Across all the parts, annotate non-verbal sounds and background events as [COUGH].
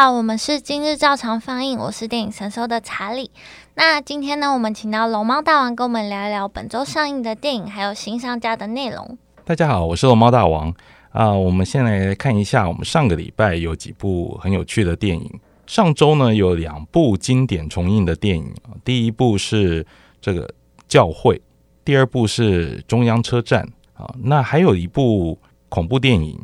好，我們是今日照常放映。我是電影神搜的查理。那今天呢，我們請到龍貓大王跟我們聊一聊本周上映的電影，還有新上架的內容。大家好，我是龍貓大王。啊、呃，我們先來看一下，我們上個禮拜有幾部很有趣的電影。上周呢，有兩部經典重映的電影，第一部是這個教會，第二部是中央車站。啊、呃，那還有一部恐怖電影。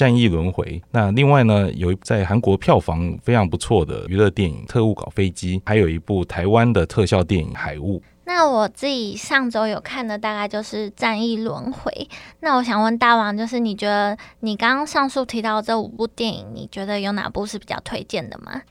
戰役輪迴。那另外呢，有一部在韓國票房非常不錯的娛樂電影《特務搞飛機》，還有一部台灣的特效電影《海霧》。那我自己上周有看的大概就是《戰役輪迴》。那我想問大王，就是你覺得你剛剛上述提到這五部電影，你覺得有哪部是比較推薦的嗎？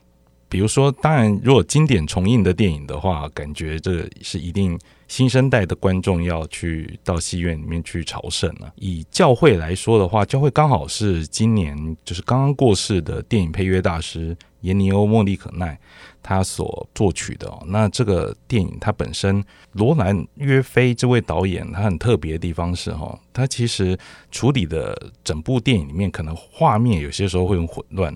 比如說，當然，如果經典重映的電影的話，感覺這是一定新生代的觀眾要去到戲院裡面去朝聖了，啊。以教會來說的話，教會剛好是今年就是剛剛過世的電影配樂大師顏尼歐莫利可奈他所作曲的，哦。那這個電影它本身，羅蘭約菲這位導演他很特別的地方是哈，哦，他其實處理的整部電影裡面，可能畫面有些時候會很混亂。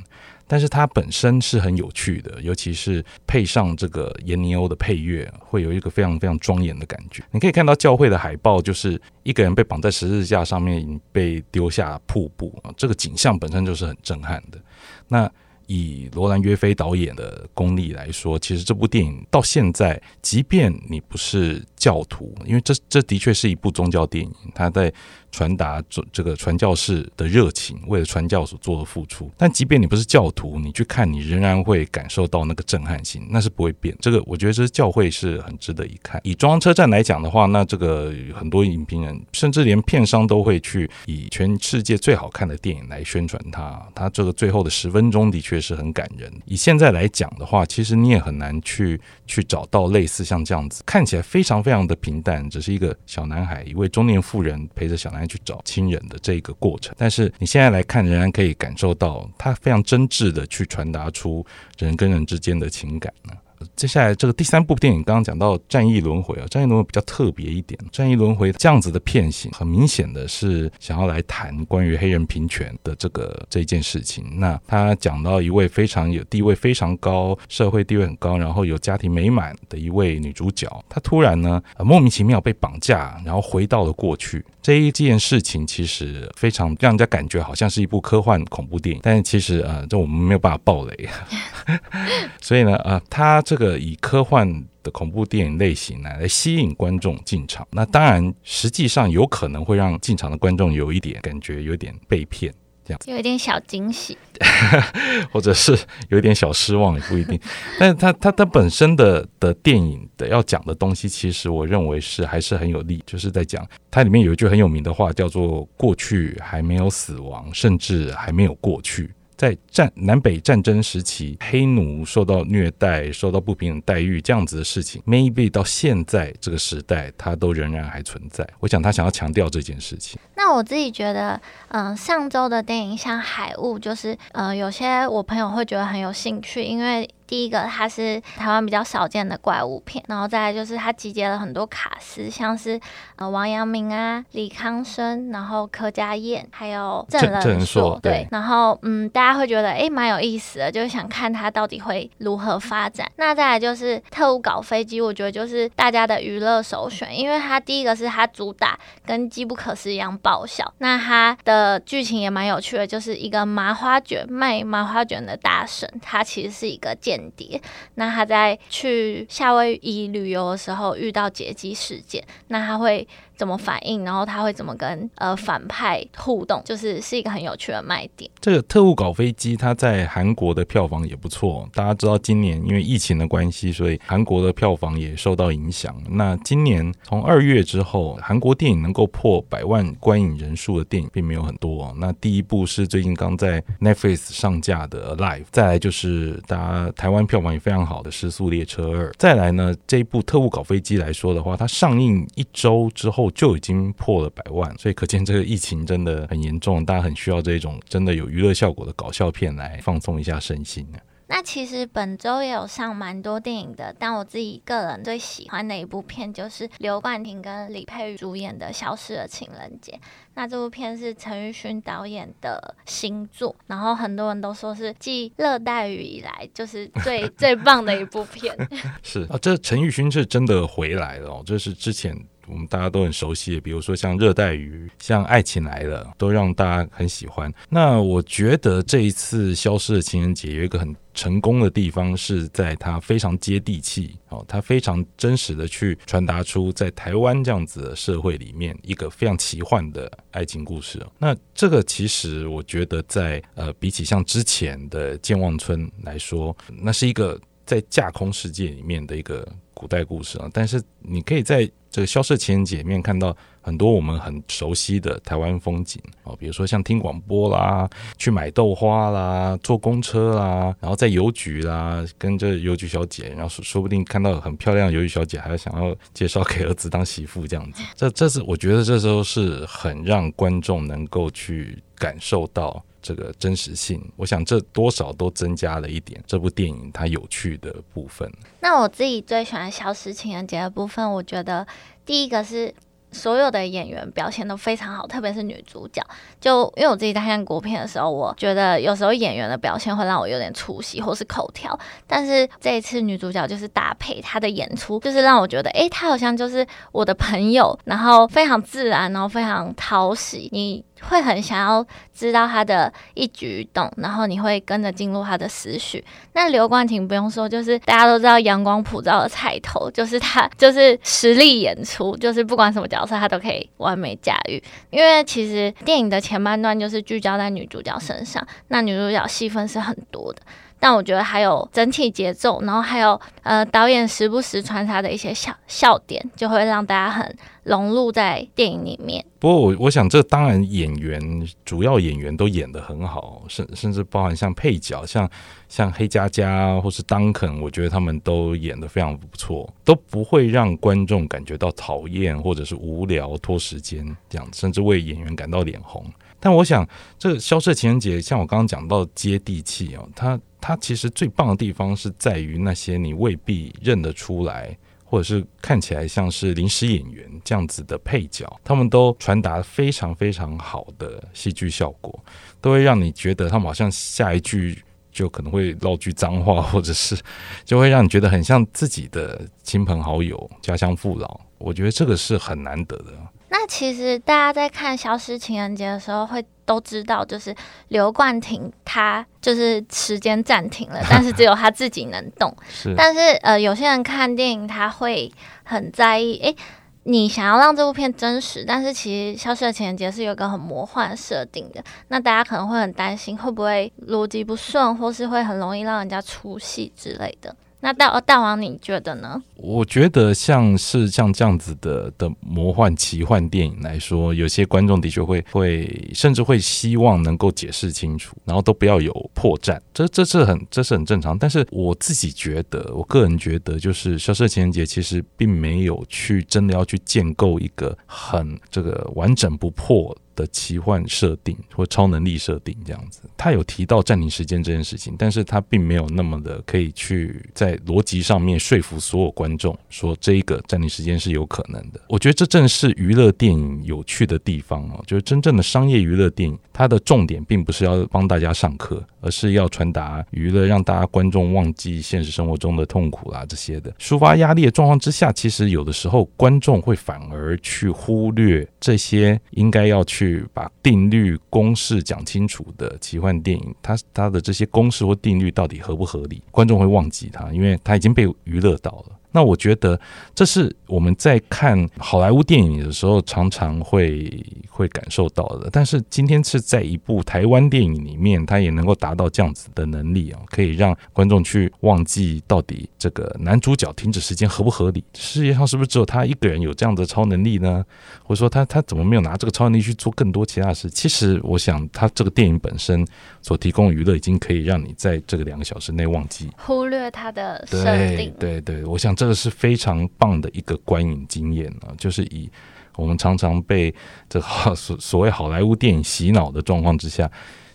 但是它本身是很有趣的，尤其是配上這個顏尼歐的配樂，會有一個非常非常莊嚴的感覺。你可以看到教會的海報，就是一個人被綁在十字架上面，被丟下瀑布，這個景象本身就是很震撼的。那以羅蘭·約菲導演的功力來說，其實這部電影到現在，即便你不是教徒，因為這這的確是一部宗教電影，它在。傳達這這個傳教士的熱情，為了傳教所做的付出。但即便你不是教徒，你去看，你仍然會感受到那個震撼性，那是不會變。這個我覺得，這是教會是很值得一看。以中央車站來講的話，那這個很多影評人，甚至連片商都會去以全世界最好看的電影來宣傳它。它這個最後的十分鐘的確是很感人。以現在來講的話，其實你也很難去去找到類似像這樣子，看起來非常非常的平淡，只是一個小男孩，一位中年婦人陪着小男。去找親人的這個過程，但是你現在來看，仍然可以感受到他非常真摯的去傳達出人跟人之間的情感呢。接下來這個第三部電影，剛剛講到《戰慄輪迴》啊，《戰慄輪迴》比較特別一點，《戰慄輪迴》這樣子的片型，很明顯的是想要來談關於黑人平權的這個這件事情。那他講到一位非常有地位、非常高社會地位很高，然後有家庭美滿的一位女主角，她突然呢，莫名其妙被綁架，然後回到了過去。這一件事情其實非常讓人家感覺好像是一部科幻恐怖電影，但是其實呃，這我們沒有辦法爆雷， [LAUGHS] 所以呢，啊、呃，它這個以科幻的恐怖電影類型來來吸引觀眾進場，那當然實際上有可能會讓進場的觀眾有一點感覺有點被騙。有一點小驚喜， [LAUGHS] 或者是有一點小失望也不一定。 [LAUGHS] 但是它它它本身的的電影的要講的東西，其實我認為是還是很有力，就是在講它裡面有一句很有名的話，叫做“過去還沒有死亡，甚至還沒有過去”。在戰南北戰爭時期，黑奴受到虐待、受到不平等待遇，這樣子的事情，maybe 到現在這個時代，它都仍然還存在。我想他想要強調這件事情。那我自己覺得，嗯、呃，上周的電影像《海霧》，就是呃，有些我朋友會覺得很有興趣，因為。第一個，它是台灣比較少見的怪物片，然後再來就是它集結了很多卡司，像是呃王陽明啊、李康生，然後柯佳嬿，還有鄭人碩，人對，對，然後嗯，大家會覺得哎蠻、欸、有意思的，就是想看它到底會如何發展。嗯、那再來就是《特務搞飛機》，我覺得就是大家的娛樂首選，因為它第一個是它主打跟《機不可失》一樣爆笑，那它的劇情也蠻有趣的，就是一個麻花卷賣麻花卷的大嬸，她其實是一個健間諜，那他在去夏威夷旅遊的時候遇到劫機事件，那他會怎麼反應，然後他會怎麼跟呃反派互動，就是是一個很有趣的賣點。這個《特務搞飛機》它在韓國的票房也不錯。大家知道，今年因為疫情的關係，所以韓國的票房也受到影響。那今年從二月之後，韓國電影能夠破百萬觀影人數的電影並沒有很多。那第一部是最近剛在 Netflix 上架的《Alive》，再來就是大家台灣票房也非常好的《時速列車二》。再來呢，這一部《特務搞飛機》來說的話，它上映一週之後。就已經破了百萬，所以可見這個疫情真的很嚴重，大家很需要這種真的有娛樂效果的搞笑片來放鬆一下身心啊。那其實本周也有上蠻多電影的，但我自己個人最喜歡的一部片就是劉冠廷跟李霈瑜主演的《消失的情人節》。那這部片是陳玉勳導演的新作，然後很多人都說是繼《熱帶魚》以來就是最 [LAUGHS] 最棒的一部片。 [LAUGHS] 是啊，哦，這陳玉勳是真的回來了哦，這是之前。我們大家都很熟悉的，比如說像熱帶魚、像愛情來了，都讓大家很喜歡。那我覺得這一次消失的情人節有一個很成功的地方，是在它非常接地氣，哦，它非常真實的去傳達出在台灣這樣子的社會裡面一個非常奇幻的愛情故事。那這個其實我覺得在呃，比起像之前的健忘村來說，那是一個在架空世界裡面的一個。古代故事啊，但是你可以在這個《消失的情人節》裡面看到很多我們很熟悉的台灣風景哦，比如說像聽廣播啦、去買豆花啦、坐公車啦，然後在郵局啦，跟著郵局小姐，然後說說不定看到很漂亮的郵局小姐，還要想要介紹給兒子當媳婦這樣子。這這是我覺得這時候是很讓觀眾能夠去感受到。這個真實性，我想這多少都增加了一點這部電影它有趣的部分。那我自己最喜歡《消失情人節》的部分，我覺得第一個是所有的演員表現都非常好，特別是女主角。就因為我自己在看國片的時候，我覺得有時候演員的表現會讓我有點出戲或是口條，但是這一次女主角就是搭配她的演出，就是讓我覺得，哎，她好像就是我的朋友，然後非常自然，然後非常討喜。你會很想要知道他的一舉一動，然後你會跟着進入他的思緒。那劉冠廷不用說，就是大家都知道陽光普照的菜頭，就是他就是實力演出，就是不管什麼角色他都可以完美駕馭。因為其實電影的前半段就是聚焦在女主角身上，那女主角戲份是很多的。但我覺得還有整體節奏，然後還有呃導演時不時穿插的一些笑笑點，就會讓大家很融入在電影裡面。不過我我想這當然演員主要演員都演得很好，甚甚至包含像配角像像黑嘉嘉或是當肯，我覺得他們都演得非常不錯，都不會讓觀眾感覺到討厭或者是無聊拖時間這樣，甚至為演員感到臉紅。但我想，這個《消失的情人節》像我剛剛講到，接地氣哦。它它其實最棒的地方是在於那些你未必認得出來，或者是看起來像是臨時演員這樣子的配角，他們都傳達非常非常好的戲劇效果，都會讓你覺得他們好像下一句就可能會烙句髒話，或者是就會讓你覺得很像自己的親朋好友、家鄉父老。我覺得這個是很難得的。那其實大家在看《消失情人節》的時候，會都知道，就是劉冠廷他就是時間暫停了，但是只有他自己能動。 [LAUGHS] 是，但是呃，有些人看電影他會很在意，誒、欸，你想要讓這部片真實，但是其實《消失的情人節》是有一個很魔幻設定的，那大家可能會很擔心會不會邏輯不順，或是會很容易讓人家出戲之類的。那大大王，你覺得呢？我覺得像是像這樣子的的魔幻奇幻電影來說，有些觀眾的確會會甚至會希望能夠解釋清楚，然後都不要有破綻，這這是很這是很正常。但是我自己覺得，我個人覺得，就是《消失的 [LAUGHS] 情人節其實並沒有去真的要去建構一個很這個完整不破。的奇幻設定或超能力設定這樣子，他有提到暫停時間這件事情，但是他並沒有那麼的可以去在邏輯上面說服所有觀眾說，這一個暫停時間是有可能的。我覺得這正是娛樂電影有趣的地方哦，就是真正的商業娛樂電影，它的重點並不是要幫大家上課，而是要傳達娛樂，讓大家觀眾忘記現實生活中的痛苦啦、啊、這些的，抒發壓力的狀況之下，其實有的時候觀眾會反而去忽略這些應該要去。去把定律公式講清楚的奇幻電影，它它的這些公式或定律到底合不合理？觀眾會忘記它，因為它已經被娛樂到了。那我覺得這是我們在看好萊塢電影的時候常常會會感受到的。但是今天是在一部台灣電影裡面，它也能夠達到這樣子的能力啊、哦，可以讓觀眾去忘記到底這個男主角停止時間合不合理，世界上是不是只有他一個人有這樣的超能力呢？或者說他他怎麼沒有拿這個超能力去做更多其他的事？其實我想，他這個電影本身所提供娛樂已經可以讓你在這個兩個小時內忘記忽略他的設定。對對對，我想這。這個是非常棒的一個觀影經驗啊，就是以我們常常被這所所謂好萊塢電影洗腦的狀況之下，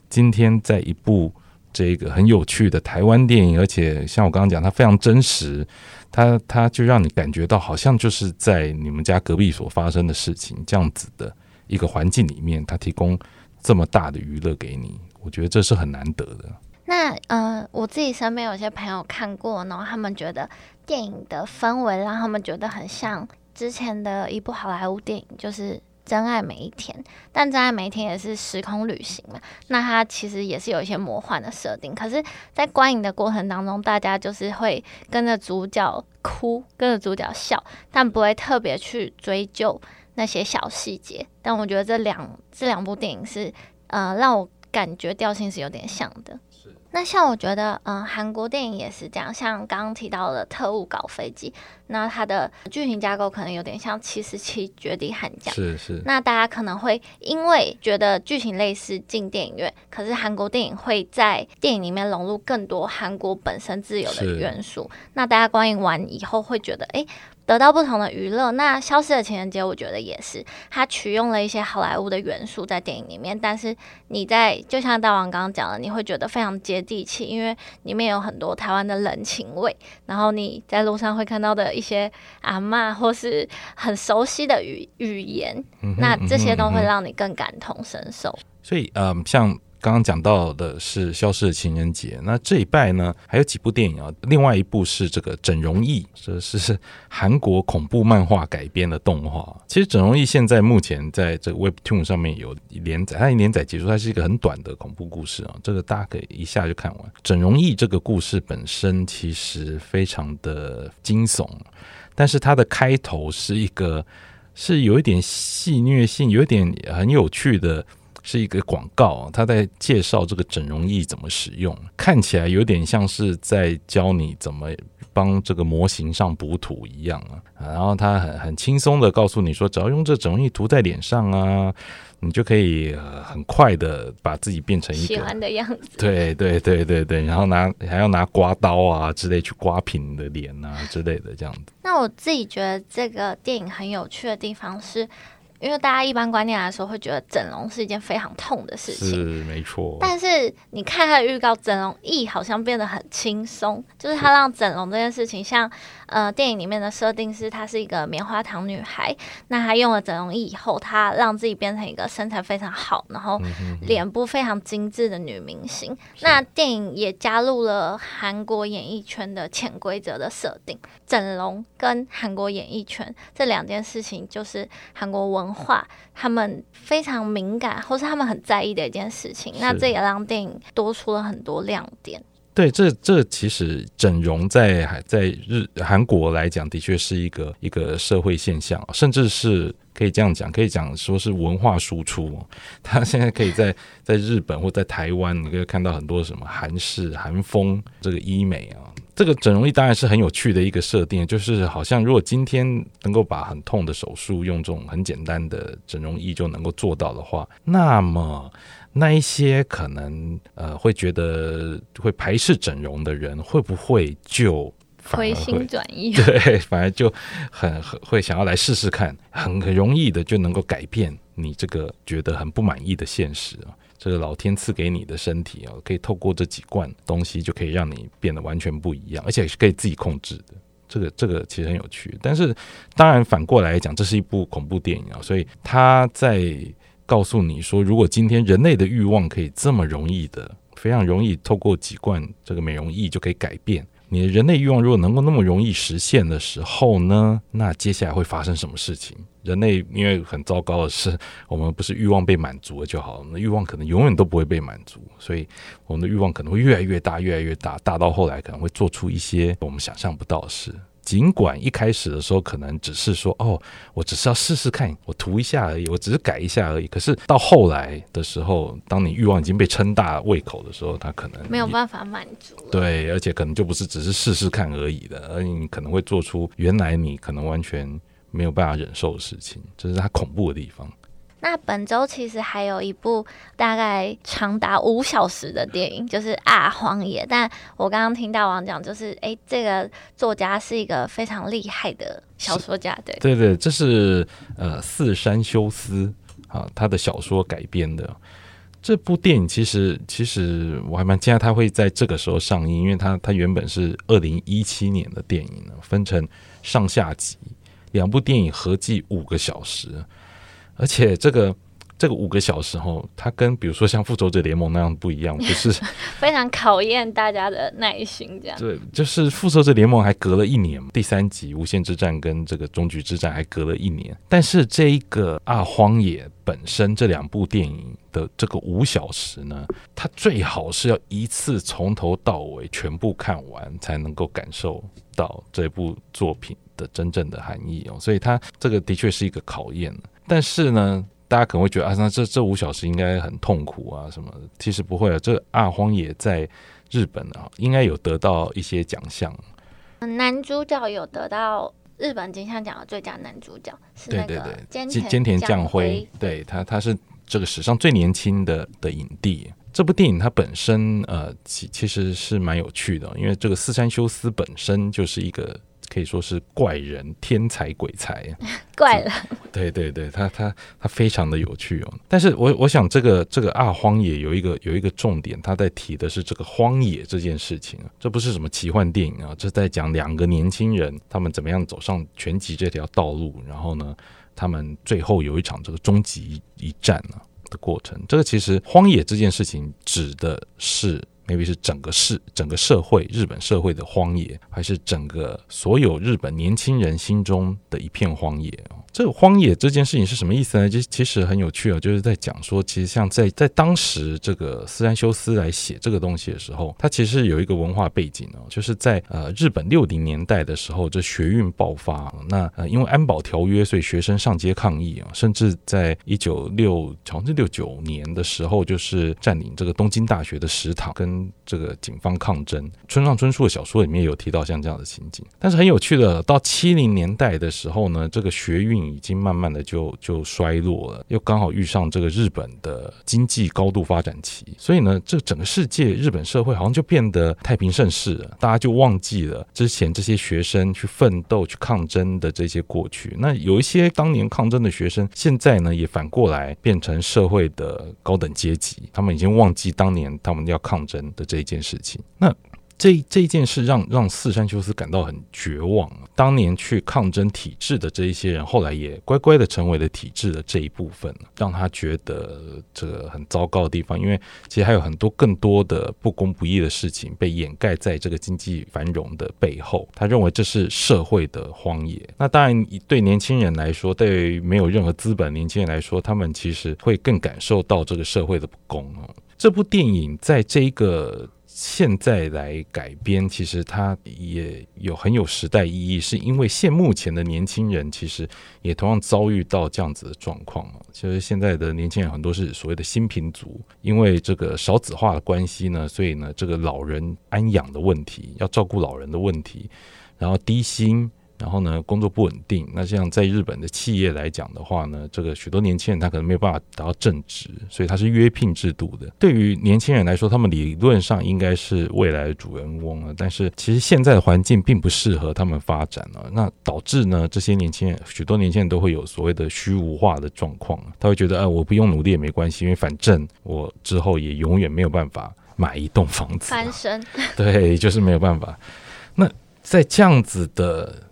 今天在一部這個很有趣的台灣電影，而且像我剛剛講，它非常真實，它它就讓你感覺到好像就是在你們家隔壁所發生的事情，這樣子的一個環境裡面，它提供這麼大的娛樂給你，我覺得這是很難得的。那嗯、呃，我自己身邊有些朋友看過，然後他們覺得電影的氛圍讓他們覺得很像之前的一部好萊塢電影，就是《真愛每一天》，但《真愛每一天》也是時空旅行嘛，那它其實也是有一些魔幻的設定。可是，在觀影的過程當中，大家就是會跟着主角哭，跟着主角笑，但不會特別去追究那些小細節。但我覺得這兩這兩部電影是呃，讓我感覺調性是有點像的。那像我覺得，嗯，韓國電影也是這樣。像剛剛提到的《特務搞飛機》，那它的劇情架構可能有點像《七十七絕地悍將》。是是。那大家可能會因為覺得劇情類似進電影院，可是韓國電影會在電影裡面融入更多韓國本身自由的元素。是。那大家觀影完以後會覺得，誒。得到不同的娛樂，那《消失的情人節》我覺得也是，它取用了一些好萊塢的元素在電影裡面，但是你在就像大王剛剛講的，你會覺得非常接地氣，因為裡面有很多台灣的人情味，然後你在路上會看到的一些阿嬤或是很熟悉的語語言，嗯、哼那這些都會讓你更感同身受。所以，嗯、呃，像。剛剛講到的是《消失的情人節》，那這一拜呢還有幾部電影啊、哦？另外一部是這個《整容液》，這是韓國恐怖漫畫改編的動畫。其實《整容液》現在目前在這個 Webtoon 上面有連載，它一連載結束，它是一個很短的恐怖故事啊、哦，這個大家可以一下就看完。《整容液》這個故事本身其實非常的驚悚，但是它的開頭是一個是有一點戲謔性，有一點很有趣的。是一個廣告啊，他在介紹這個整容液怎麼使用，看起來有點像是在教你怎麼幫這個模型上補土一樣啊。然後他很很輕鬆的告訴你說，只要用這整容液塗在臉上啊，你就可以很快的把自己變成一個喜歡的樣子。對對對對對，然後拿還要拿刮刀啊之類去刮平你的臉啊之類的這樣子。那我自己覺得這個電影很有趣的地方是。因為大家一般觀念來說，會覺得整容是一件非常痛的事情，是沒錯。但是你看他的預告，整容液好像變得很輕鬆，就是他讓整容這件事情像。呃，電影裡面的設定是她是一個棉花糖女孩，那她用了整容液以後，她讓自己變成一個身材非常好，然後臉部非常精緻的女明星。嗯嗯，那電影也加入了韓國演藝圈的潛規則的設定，是整容跟韓國演藝圈這兩件事情，就是韓國文化、嗯、他們非常敏感，或是他們很在意的一件事情。那這也讓電影多出了很多亮點。對，這這其實整容在還在日韓國來講，的確是一個一個社會現象，甚至是可以這樣講，可以講說是文化輸出。他現在可以在在日本或在台灣，你可以看到很多什麼韓式、韓風這個醫美啊，這個整容液當然是很有趣的一個設定，就是好像如果今天能夠把很痛的手術用這種很簡單的整容液就能夠做到的話，那麼。那一些可能呃，會覺得會排斥整容的人，會不會就會回心轉意？對，反而就很會想要來試試看，很很容易的就能夠改變你這個覺得很不滿意的現實啊！這個老天賜給你的身體啊，可以透過這幾罐東西就可以讓你變得完全不一樣，而且也是可以自己控制的。這個這個其實很有趣，但是當然反過來講，這是一部恐怖電影啊，所以他在。告訴你說，如果今天人類的慾望可以這麼容易的、非常容易，透過幾罐這個美容液就可以改變你的人類慾望，如果能夠那麼容易實現的時候呢？那接下來會發生什麼事情？人類因為很糟糕的是，我們不是慾望被滿足了就好，那慾望可能永遠都不會被滿足，所以我們的慾望可能會越來越大，越來越大，大到後來可能會做出一些我們想象不到的事。儘管一開始的時候，可能只是說哦，我只是要試試看，我塗一下而已，我只是改一下而已。可是到後來的時候，當你欲望已經被撐大胃口的時候，他可能沒有辦法滿足。對，而且可能就不是只是試試看而已的，而你可能會做出原來你可能完全沒有辦法忍受的事情，這，就是他恐怖的地方。那本周其實還有一部大概長達五小時的電影，就是《啊荒野》。但我剛剛聽到王講，就是哎、欸，這個作家是一個非常厲害的小說家，對對，對對，這是呃四山修斯、啊、他的小說改編的這部電影，其實其實我還蠻驚訝他會在這個時候上映，因為他他原本是二零一七年的電影呢，分成上下集兩部電影，合計五個小時。而且這個這個五個小時，吼，它跟比如說像《復仇者聯盟》那樣不一樣，不、就是 [LAUGHS] 非常考驗大家的耐心，這樣對，就是《復仇者聯盟》還隔了一年嘛，第三集《無限之戰》跟這個《終局之戰》還隔了一年，但是這個啊，《荒野》本身這兩部電影的這個五小時呢，它最好是要一次從頭到尾全部看完，才能夠感受到這部作品的真正的含義哦，所以它這個的確是一個考驗。但是呢，大家可能會覺得啊，那這這五小時應該很痛苦啊，什麼？其實不會啊，這阿荒野在日本啊，應該有得到一些獎項。男主角有得到日本金像獎的最佳男主角，是那個菅菅田將暉。對他，他是這個史上最年輕的的影帝。嗯、這部電影它本身，呃，其其實是蠻有趣的，因為這個寺山修司本身就是一個。可以說是怪人、天才、鬼才，怪了，對對對，他他他非常的有趣哦。但是我我想、這個，這個這個《啊，荒野》有一個有一個重點，他在提的是這個荒野這件事情啊，這不是什麼奇幻電影啊，這在講兩個年輕人他們怎麼樣走上拳擊這條道路，然後呢，他們最後有一場這個終極一戰啊的過程。這個其實荒野這件事情指的是。maybe 是整個市，整個社會、日本社會的荒野，還是整個所有日本年輕人心中的一片荒野，這這個荒野這件事情是什麼意思呢？就其實很有趣啊，就是在講說，其實像在在當時這個寺山修司來寫這個東西的時候，他其實有一個文化背景哦，就是在呃日本六零年代的時候，這學運爆發，那呃因為安保條約，所以學生上街抗議啊，甚至在一九六，好像是六九年的時候，就是佔領這個東京大學的食堂跟這個警方抗爭，村上春樹的小說裡面有提到像這樣的情景。但是很有趣的，到七零年代的時候呢，這個學運已經慢慢的就就衰落了，又剛好遇上這個日本的經濟高度發展期，所以呢，這個整個世界日本社會好像就變得太平盛世了，大家就忘記了之前這些學生去奮鬥、去抗爭的這些過去。那有一些當年抗爭的學生，現在呢也反過來變成社會的高等階級，他們已經忘記當年他們要抗爭。的這一件事情，那這一這一件事讓讓寺山修司感到很絕望、啊。當年去抗爭體制的這一些人，後來也乖乖的成為了體制的這一部分、啊，讓他覺得這個很糟糕的地方。因為其實還有很多更多的不公不義的事情被掩蓋在這個經濟繁榮的背後。他認為這是社會的荒野。那當然，對年輕人來說，對沒有任何資本的年輕人來說，他們其實會更感受到這個社會的不公、啊這部電影在這一個現在來改編，其實它也有很有時代意義，是因為現目前的年輕人其實也同樣遭遇到這樣子的狀況。其實現在的年輕人很多是所謂的新貧族，因為這個少子化的關係呢，所以呢這個老人安養的問題，要照顧老人的問題，然後低薪。然後呢，工作不穩定。那像在日本的企業來講的話呢，這個許多年輕人他可能沒有辦法達到正職，所以他是約聘制度的。對於年輕人來說，他們理論上應該是未來的主人翁啊，但是其實現在的環境並不適合他們發展啊。那導致呢，這些年輕人，許多年輕人都會有所謂的虛無化的狀況啊，他會覺得，哎、啊，我不用努力也沒關係，因為反正我之後也永遠沒有辦法買一棟房子啊，翻身，對，就是沒有辦法。那在這樣子的，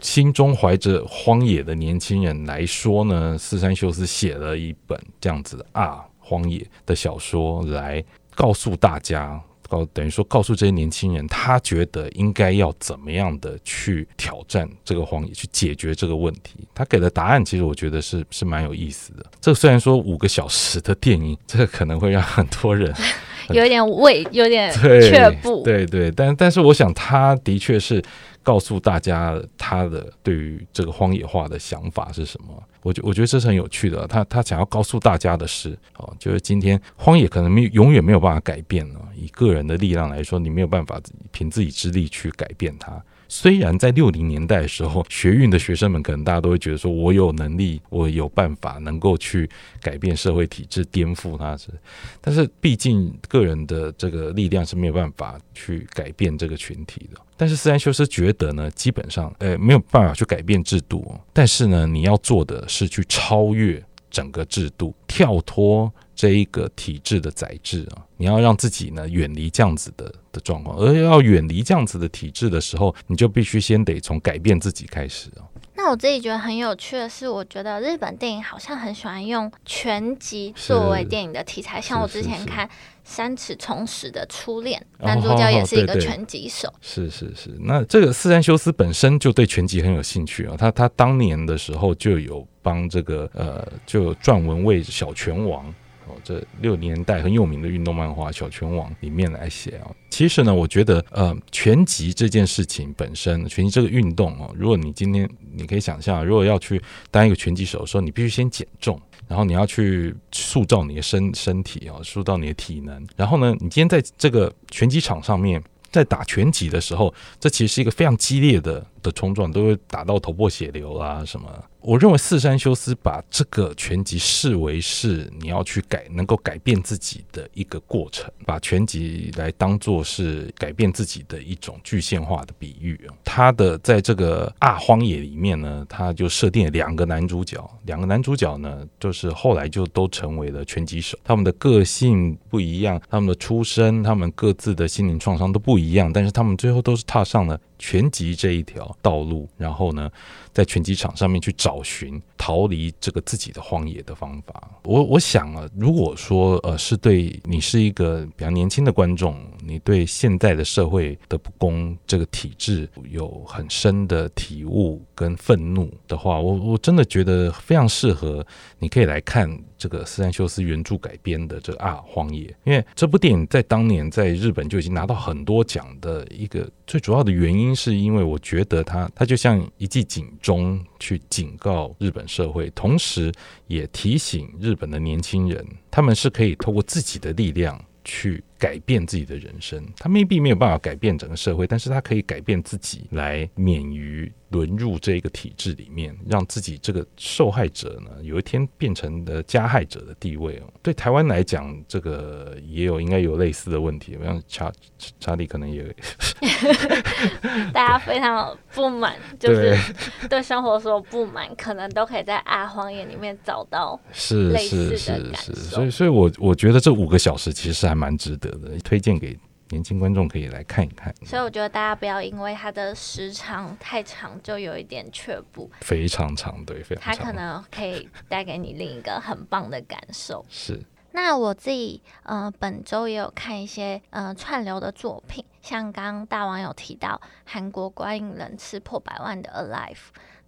心中懷着荒野的年輕人來說呢，寺山修司寫了一本這樣子啊荒野的小說，來告訴大家，告等於說告訴這些年輕人，他覺得應該要怎麼樣的去挑戰這個荒野，去解決這個問題。他給的答案，其實我覺得是是蠻有意思的。這個雖然說五個小時的電影，這個可能會讓很多人很 [LAUGHS] 有一點畏，有點卻步。對，對對，但但是我想，他的確是。告訴大家他的對於這個荒野化的想法是什麼？我覺我覺得這是很有趣的。他他想要告訴大家的是，哦，就是今天荒野可能沒永遠沒有辦法改變了。以個人的力量來說，你沒有辦法憑自己之力去改變它。雖然在六零年代的時候，學運的學生們可能大家都會覺得說，我有能力，我有辦法能夠去改變社會體制、顛覆它，是，但是畢竟個人的這個力量是沒有辦法去改變這個群體的。但是寺山修司覺得呢，基本上，呃、欸，沒有辦法去改變制度，但是呢，你要做的是去超越。整個制度，跳脫這一個體制的宰制啊，你要讓自己呢遠離這樣子的的狀況，而要遠離這樣子的體制的時候，你就必須先得從改變自己開始啊。那我自己覺得很有趣的是，我覺得日本電影好像很喜歡用拳擊作為電影的題材。是像我之前看《三尺重屎的初戀》是是是，男主角也是一個拳擊手。是是是，那這個寺山修司本身就對拳擊很有興趣啊。他他當年的時候就有幫這個呃，就有撰文為小拳王。這六年代很有名的運動漫畫《小拳王》裡面來寫啊、哦。其實呢，我覺得，呃，拳擊這件事情本身，拳擊這個運動哦，如果你今天你可以想象，如果要去當一個拳擊手，說你必須先減重，然後你要去塑造你的身身體哦，塑造你的體能，然後呢，你今天在這個拳擊場上面，在打拳擊的時候，這其實是一個非常激烈的。的衝撞都會打到頭破血流啊！什麼？我認為寺山修司把這個拳擊視為是你要去改、能夠改變自己的一個過程，把拳擊來當做是改變自己的一種具象化的比喻。他的在這個啊荒野裡面呢，他就設定了兩個男主角，兩個男主角呢，就是後來就都成為了拳擊手。他們的個性不一樣，他們的出身、他們各自的心靈創傷都不一樣，但是他們最後都是踏上了。拳擊這一條道路，然後呢，在拳擊場上面去找尋逃離這個自己的荒野的方法。我我想啊，如果說呃是對你是一個比較年輕的觀眾，你對現在的社會的不公這個體制有很深的體悟跟憤怒的話，我我真的覺得非常適合你可以來看這個寺山修司原著改編的這個《啊，荒野》，因為這部電影在當年在日本就已經拿到很多獎的一個最主要的原因，是因為我覺得它它就像一記警。中去警告日本社會，同時也提醒日本的年輕人，他們是可以通過自己的力量去改變自己的人生，他未必沒有辦法改變整個社會，但是他可以改變自己，來免於淪入這個體制裡面，讓自己這個受害者呢，有一天變成的加害者的地位哦。對台灣來講，這個也有應該有類似的問題，像查查理可能也， [LAUGHS] 大家非常不滿，對就是對生活所有不滿，對 [LAUGHS] 可能都可以在阿荒野裡面找到類似的感受，是是是是，所以所以我我覺得這五個小時其實是還蠻值得的。推薦給年輕觀眾可以來看一看，所以我覺得大家不要因為它的時長太長就有一點卻步，非常長，對，非常長，它可能可以帶給你另一個很棒的感受。 [LAUGHS] 是，那我自己呃本周也有看一些呃串流的作品，像剛剛大王有提到韓國觀影人次破百萬的《Alive》。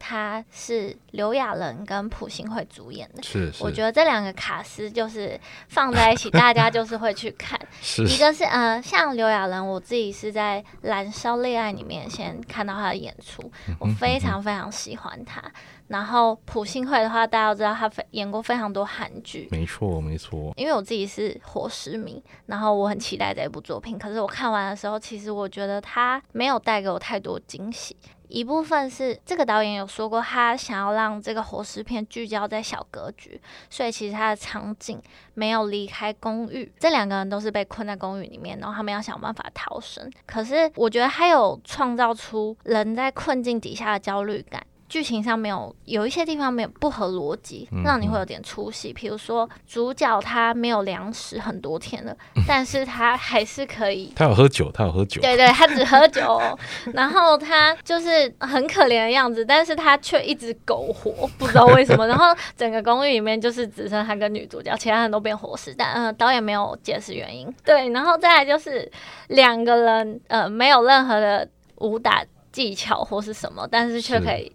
他是劉亞仁跟朴信惠主演的，是，是。我覺得這兩個卡司就是放在一起， [LAUGHS] 大家就是會去看。是，是。一個是呃，像劉亞仁，我自己是在《燃燒烈愛》裡面先看到他的演出，我非常非常喜歡他。 [LAUGHS] 然後朴信惠的話，大家都知道他非演過非常多韓劇，沒錯沒錯。因為我自己是活屍迷，然後我很期待這一部作品。可是我看完的時候，其實我覺得他沒有帶給我太多驚喜。一部分是這個導演有說過，他想要讓這個活屍片聚焦在小格局，所以其實他的場景沒有離開公寓，這兩個人都是被困在公寓裡面，然後他們要想辦法逃生。可是我覺得他有創造出人在困境底下的焦慮感。劇情上沒有有一些地方沒有不合邏輯，嗯、哼讓你會有點出戲。比如說主角他沒有糧食很多天了，嗯、哼但是他還是可以。他有喝酒，他有喝酒。對，對對，他只喝酒。哦， [LAUGHS] 然後他就是很可憐的樣子，但是他卻一直苟活，不知道為什麼。 [LAUGHS] 然後整個公寓裡面就是只剩他跟女主角，其他人都變活屍。但嗯、呃，導演沒有解釋原因。對，然後再來就是兩個人呃沒有任何的武打技巧或是什麼，但是卻可以。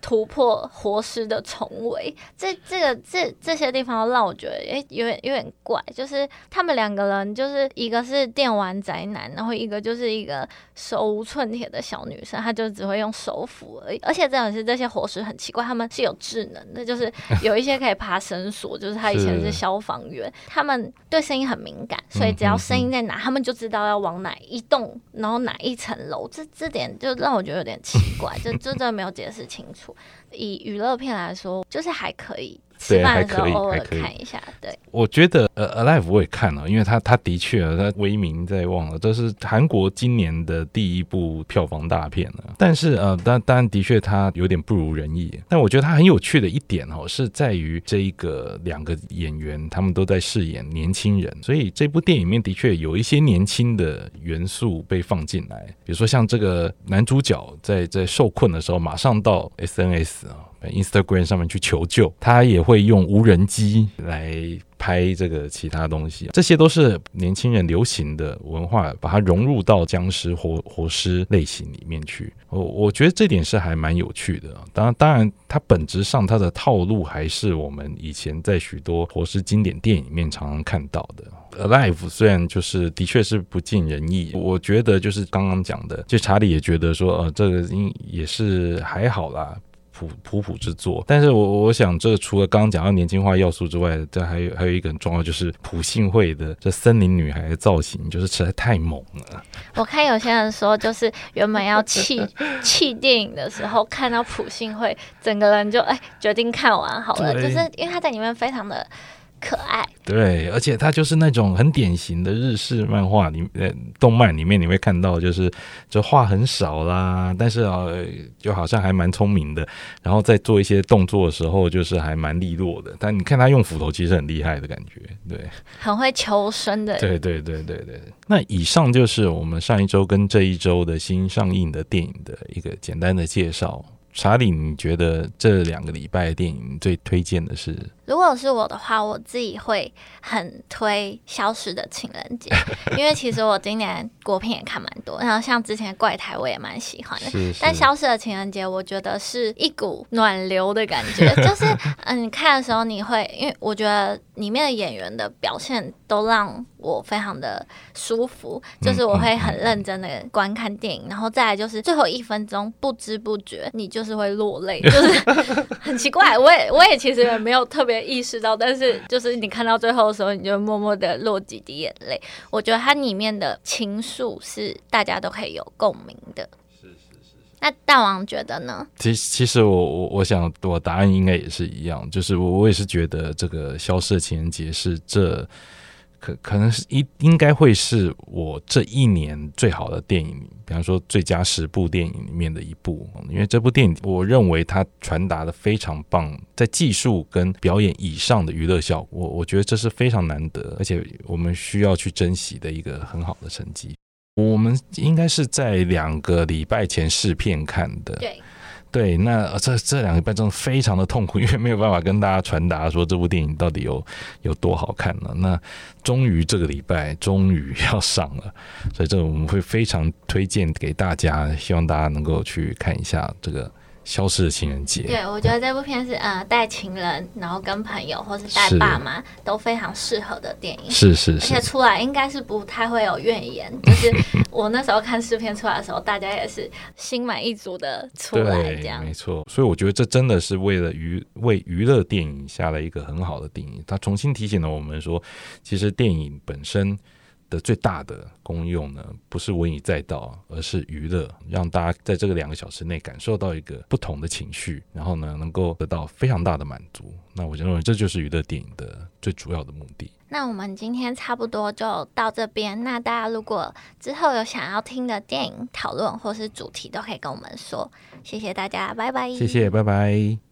突破活屍的重圍，這這個這這些地方讓我覺得哎，有點有點怪。就是他們兩個人，就是一個是電玩宅男，然後一個就是一個手無寸鐵的小女生，她就只會用手斧。而且真的是這些活屍很奇怪，他們是有智能的，就是有一些可以爬繩索， [LAUGHS] 就是他以前是消防員，他是們對聲音很敏感，所以只要聲音在哪，他 [LAUGHS] 們就知道要往哪一棟，然後哪一層樓。這這點就讓我覺得有點奇怪， [LAUGHS] 就，就真的沒有解釋清楚。以娛樂片來說，就是還可以。對，還可以，還可以看一下。對，我覺得呃，Alive 我也看了，因為他他的確，他威名在望了，這是韓國今年的第一部票房大片了。但是呃，當當然的確，他有點不如人意。但我覺得他很有趣的一點哦，是在於這一個兩個演員，他們都在飾演年輕人，所以這部電影裡面的確有一些年輕的元素被放進來。比如說像這個男主角在在受困的時候，馬上到 SNS 啊。Instagram 上面去求救，他也會用無人機來拍這個其他東西，這些都是年輕人流行的文化，把它融入到僵屍活活屍類型裡面去。我我覺得這點是還蠻有趣的。當然，當然，它本質上它的套路還是我們以前在許多活屍經典電影裡面常常看到的。Alive 雖然就是的確是不盡人意，我覺得就是剛剛講的，就查理也覺得說，呃，這個應也是還好啦。樸樸之作，但是我我想這除了剛剛講到年輕化要素之外，這還有還有一個很重要，就是朴信惠的這森林女孩的造型，就是實在太猛了，我看有些人說，就是原本要棄棄 [LAUGHS] 電影的時候，看到朴信惠整個人就哎決定看完好了，對就是因為他在裡面非常的。可愛，對，而且他就是那種很典型的日式漫畫裡呃，動漫裡面你會看到，就是這話很少啦，但是呃，就好像還蠻聰明的，然後在做一些動作的時候，就是還蠻利落的。但你看他用斧頭，其實很厲害的感覺，對，很會求生的。對對對對對。那以上就是我們上一周跟這一周的新上映的電影的一個簡單的介紹。查理，你覺得這兩個禮拜電影最推薦的是？如果是我的話，我自己會很推《消失的情人節》， [LAUGHS] 因為其實我今年國片也看蠻多，然後像之前《怪胎》我也蠻喜歡的，是是，但《消失的情人節》我覺得是一股暖流的感覺， [LAUGHS] 就是嗯、呃，你看的時候你會，因為我覺得裡面的演員的表現都讓我非常的舒服， [LAUGHS] 就是我會很認真的觀看電影， [LAUGHS] 然後再來就是最後一分鐘不知不覺你就是會落淚， [LAUGHS] 就是很奇怪，我也我也其實也沒有特別。意識到，但是就是你看到最後的時候，你就默默的落幾滴眼淚。我覺得它裡面的情愫是大家都可以有共鳴的。是,是是是。那大王覺得呢？其其實我我我想我答案應該也是一樣，就是我我也是覺得這個消失的情人節是這。可可能是一應該會是我這一年最好的電影，比方說最佳十部電影裡面的一部，因為這部電影我認為它傳達的非常棒，在技術跟表演以上的娛樂效果我，我覺得這是非常難得，而且我們需要去珍惜的一個很好的成績。我們應該是在兩個禮拜前試片看的。對。對，那這這兩個禮拜真的非常的痛苦，因為沒有辦法跟大家傳達說這部電影到底有有多好看了。那終於這個禮拜終於要上了，所以這我們會非常推薦給大家，希望大家能夠去看一下這個。消失的情人節，對，我覺得這部片是呃帶情人，然後跟朋友或是帶爸媽是都非常適合的電影，是是，是，而且出來應該是不太會有怨言。就是我那時候看試片出來的時候， [LAUGHS] 大家也是心滿意足的出來，這樣對，沒錯。所以我覺得這真的是為了娛為娛樂電影下了一個很好的定義，他重新提醒了我們說，其實電影本身，的最大的功用呢，不是文以載道，而是娛樂，讓大家在這個兩個小時內感受到一個不同的情緒，然後呢，能夠得到非常大的滿足。那我就認為這就是娛樂電影的最主要的目的。那我們今天差不多就到這邊。那大家如果之後有想要聽的電影討論或是主題，都可以跟我們說。謝謝大家，拜拜。謝謝，拜拜。